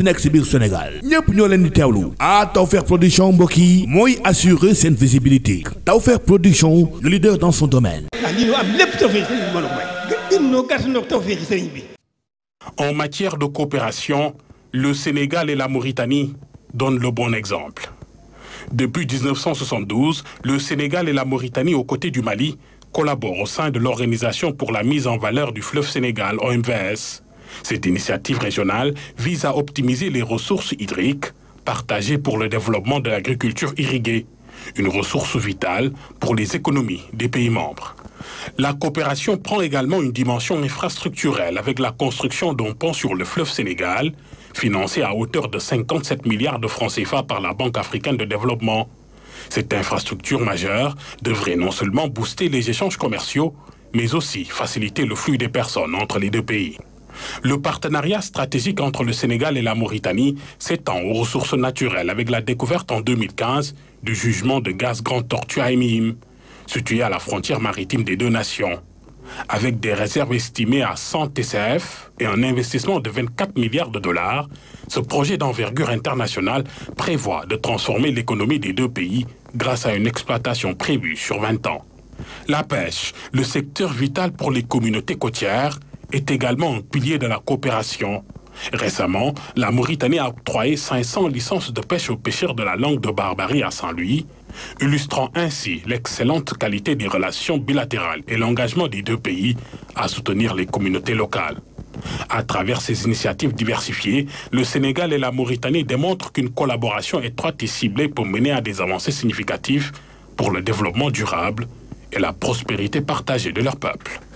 munti nekk si biir Sénégal ñépp ñoo leen di teewlu ah Tawfekh production mbokk yi mooy assurer seen visibilité Tawfekh production le leader dans son domaine. ah lii ñu am lépp Tawfekh sëriñ bi mën a may. gën ñoo gàtt ñoo Tawfekh sëriñ bi. de coopération le Sénégal et la Mauritanie donnent le bon exemple. Depuis le Sénégal et la Mauritanie, aux côtés du Mali, collaborent au sein de l'Organisation pour la mise en valeur du fleuve Sénégal, OMVS. Cette initiative régionale vise à optimiser les ressources hydriques partagées pour le développement de l'agriculture irriguée, une ressource vitale pour les économies des pays membres. La coopération prend également une dimension infrastructurelle la construction d'un pont sur le fleuve Sénégal, financé à hauteur de 57 milliards de francs CFA par la Banque africaine de développement. Cette infrastructure majeure devrait non seulement booster les échanges commerciaux, mais aussi faciliter le flux des personnes entre Le partenariat stratégique entre le Sénégal et la Mauritanie s'étend aux ressources naturelles avec la découverte en 2015 du jugement de gaz Grand Tortue à Émim, situé à la frontière maritime des deux nations. Avec des réserves estimées à 100 TCF et un investissement de 24 milliards de dollars, ce projet d'envergure internationale prévoit de transformer l'économie des deux pays grâce à une exploitation prévue sur 20 ans. La pêche, le secteur vital pour les communautés côtières, est également un pilier de la coopération. Récemment, la Mauritanie a octroyé 500 licences de pêche aux pêcheurs de la langue de Barbarie à Saint-Louis, illustrant ainsi l'excellente qualité des relations bilatérales et l'engagement des deux pays à soutenir les communautés locales. À travers ces initiatives diversifiées, le Sénégal et la Mauritanie démontrent qu'une collaboration étroite et ciblée peut mener à des avancées significatives pour le développement et la prospérité partagée de